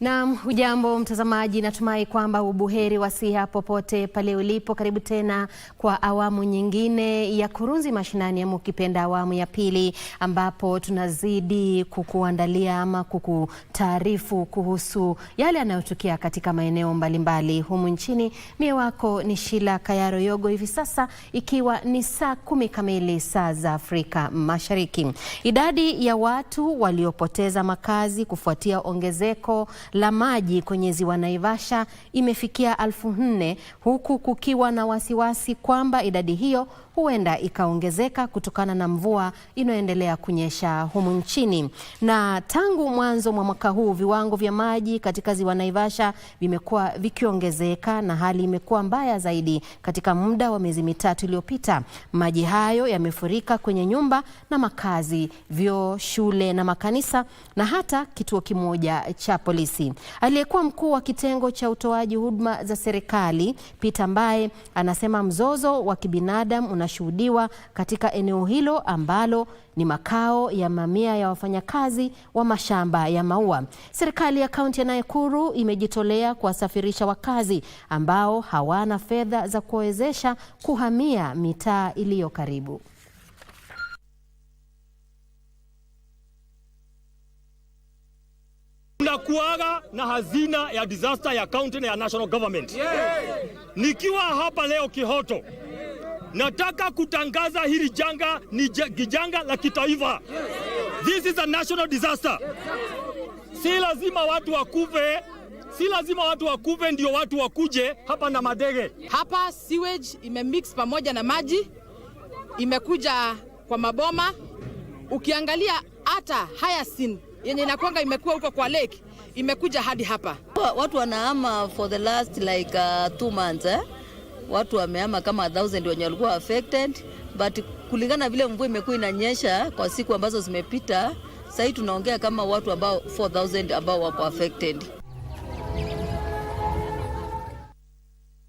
Naam, hujambo mtazamaji, natumai kwamba ubuheri wa siha popote pale ulipo. Karibu tena kwa awamu nyingine ya Kurunzi Mashinani, ama ukipenda awamu ya pili, ambapo tunazidi kukuandalia ama kukutaarifu kuhusu yale yanayotukia katika maeneo mbalimbali humu nchini. Mie wako ni Shila Kayaro Yogo, hivi sasa ikiwa ni saa kumi kamili saa za Afrika Mashariki. Idadi ya watu waliopoteza makazi kufuatia ongezeko la maji kwenye ziwa Naivasha imefikia elfu nne huku kukiwa na wasiwasi kwamba idadi hiyo huenda ikaongezeka kutokana na mvua inayoendelea kunyesha humu nchini. Na tangu mwanzo mwa mwaka huu viwango vya maji katika ziwa Naivasha vimekuwa vikiongezeka na hali imekuwa mbaya zaidi katika muda wa miezi mitatu iliyopita. Maji hayo yamefurika kwenye nyumba na makazi, vyoo, shule na makanisa na hata kituo kimoja cha polisi binafsi. Aliyekuwa mkuu wa kitengo cha utoaji huduma za serikali Peter Mbae anasema mzozo wa kibinadamu unashuhudiwa katika eneo hilo ambalo ni makao ya mamia ya wafanyakazi wa mashamba ya maua. Serikali ya kaunti ya Nakuru imejitolea kuwasafirisha wakazi ambao hawana fedha za kuwawezesha kuhamia mitaa iliyo karibu. Tunakuaga na hazina ya disaster ya county na ya national government. Nikiwa hapa leo Kihoto, nataka kutangaza hili janga ni kijanga la kitaifa. This is a national disaster. Si lazima watu wakuve si lazima watu wakuve ndio watu wakuje hapa na madege. Hapa sewage imemix pamoja na maji imekuja kwa maboma. Ukiangalia hata Hyacinth yenye inakwanga imekuwa huko kwa lake imekuja hadi hapa. Watu wanahama for the last like uh, two months eh? Watu wamehama kama 1000 wenye walikuwa affected but kulingana vile mvua imekuwa inanyesha kwa siku ambazo zimepita, sasa tunaongea kama watu ambao 4000 ambao wako affected.